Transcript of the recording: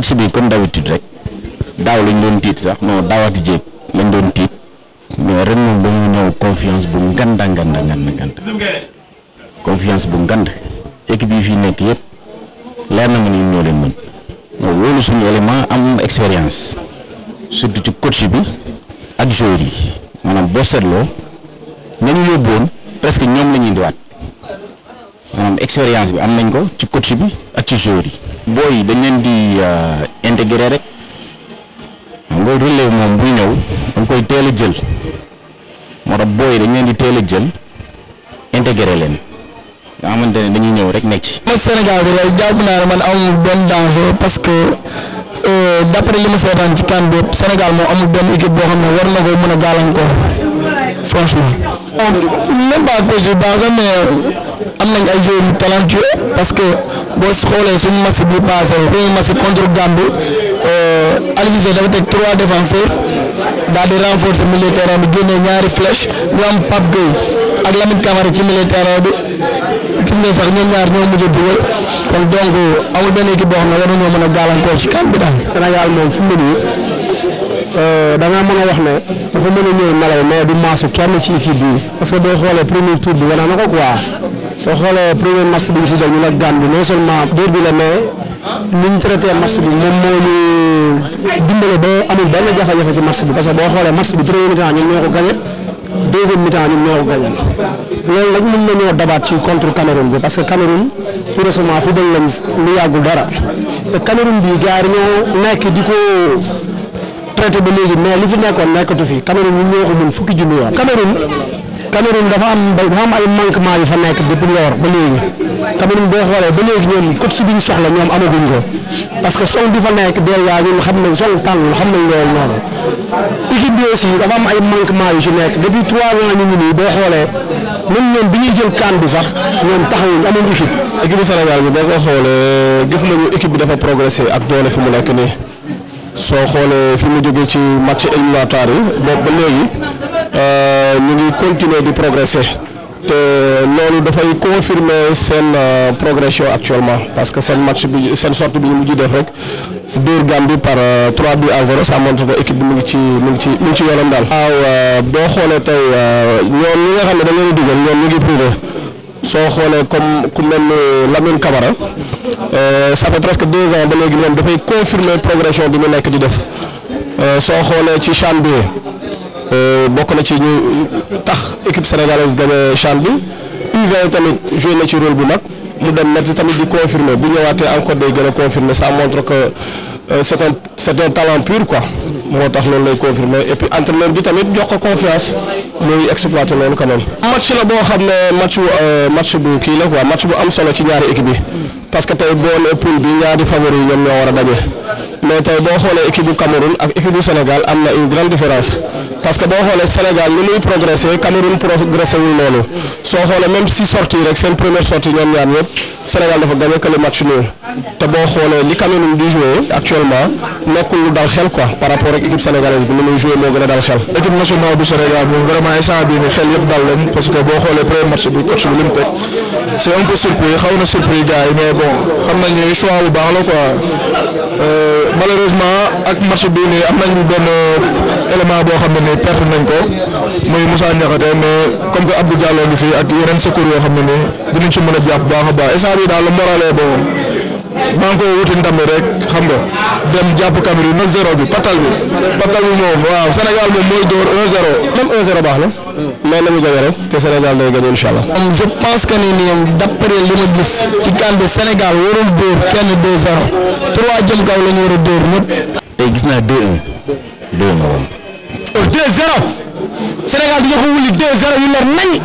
match bi comme d'habitude rek daw lañ doon tit sax non daawaati jéeg lañ doon tit mais ren moom dañu ñew confiance bu nganda nganda nganda nganda confiance bu ngand équipe yi fi nek yépp lén na ma ñoo leen mën non wolu suñu élément am expérience surtout ci coach bi ak joueur yi maanaam boo seetloo nañu yóbboon presque ñom lañuy ñuy indiwaat maanaam expérience bi am nañ ko ci coach bi ak ci joueur yi booy dañ leen di euh, intégré rek nga relève moom buy ñëw da koy teel a jël moo tax booy dañ leen di teel a jël intégré leen nga xamante ne dañuy ñëw rek nekk ci. man Sénégal bi rek jàpp naa ne man amul benn danger parce que euh, d'après li mu feetaan ci kan boobu Sénégal moom amul benn équipe boo xam ne war na ko mën a gaalankoor franchement. même pas que je mais. am nañ ay joueurs yu talentueux parce que boo xoolee suñu match bi passé suñu match contre Gambie euh, Aliou Cissé dafa teg trois défenseurs daal di renforcer milieu terrain bi génne ñaari flèche ñu am Pape Gueye ak Lamine Camara ci milieu terrain bi gis nga sax ñoom ñaar ñoo mujj a dugal kon donc amul benn équipe boo xam ne war mën a gàllankoor ci kan bi daal. Sénégal moom fu mu ne Euh, da ngaa mën a wax ne dafa mën a na benn jafe-jafe ci match bi parce que boo bi premier mi-temps ñun ñoo ko gagné dabaat ci contre Cameroun bi parce que Cameroun tout récemment fu dal lañ lu yàggul dara te Cameroun bi gars ñoo nekk di ko. traité ba léegi mais li fi nekkoon nekkatu fi Cameroun ñun ñoo ko mën fukki junni yoon Cameroun Cameroun dafa am dafa am ay manquement yu fa nekk depuis lors ba léegi Cameroun boo xoolee ba léegi ñoom coach bi ñu soxla ñoom amaguñ ko parce que song bi fa nekk déjà ñun xam nañ song tànn xam nañ loolu noonu équipe bi aussi dafa am ay manquement yu ci nekk depuis trois ans ñu ngi nii boo xoolee même ñoom bi ñuy jël kaan bi sax ñoom taxawuñ amul équipe. équipe Sénégal bi boo ko xoolee gis nañu équipe bi dafa progressé ak doole fi mu nekk nii. soo xoolee fi mu jógee ci match éliminatoire yi boobu ba léegi euh, ñu ngi continuer di progresser te loolu dafay confirmer seen euh, progression actuellement parce que seen match bi seen sortie bi ñu mujj def rek dóor Gambie par 3 euh, bi à 0 ça montre que équipe bi mu ngi ci mu ngi ci mu ngi ci yoonam daal. waaw boo xoolee tey ñoom ñi nga xam ne dañoo dugal ñoom ñu ngi prouver. soo xoolee comme ku mel ni Lamine Camara euh, ça fait presque deux ans ba léegi da fay confirmer progression bi mu nekk di def euh, soo xoolee ci CHAN bi euh, bokk na ci ñu tax équipe sénégalaise gagné CHAN bi u tamit joué na ci rôle bu mag mu dem Metz tamit di confirmer bu ñëwaatee encore day gën a confirmer ça montre que. Euh, c'est un c'est un talent pur quoi moo tax loolu lay confirmé et puis entraîneur bi tamit jox ko confiance muy exploité loolu quand même. match la boo xam ne match bu euh, match bu kii la quoi match bu am solo ci ñaari équipe yi parce que tey boo nee poule bi ñaari favori ñoom ñoo war a daje. mais tey boo xoolee équipe bu Cameroun ak équipe bu Sénégal am na une grande différence parce que boo xoolee Sénégal ni muy progressé Cameroun progressé wul noonu soo xoolee même si sorti rek seen première sortie ñoom ñaar yëpp Sénégal dafa gagné match nul te boo xoolee li Cameroun di joué actuellement nekkul dal xel quoi par rapport ak équipe sénégalaise bi ni muy joué moo gën a dal xel. équipe nationale bu Sénégal moom vraiment instant bii nii xel yëpp c'est un peu surpris xaw na surpris gars mais bon xam nañu ne choix bu baax la quoi euh, malheureusement ak match bii nii am nañu benn élément boo xam ne nii perte nañ ko muy Moussa Niakhaté mais comme que Abdou Diallo ngi fi ak yeneen secours yoo xam ne nii dinañ si mën a jàpp baax a baax instant bii daal le moral est maa ngi koy wuti ndam rek xam nga dem jàpp Cameroun nag zero bi patal bi patal bi moom waaw Sénégal moom mooy dóor 1-0 même 1 zero baax na. mais nañu gagné rek te Sénégal day gagné incha allah. je pense que ni ñoom d'après li ma gis ci kan bi Sénégal warul dóor kenn 2 zero trois jëm kaw la ñu war a dóor ñëpp. tey gis naa 2-1 2-1 2 zero Sénégal dañoo ko wuli 2 zero yu leer nañ.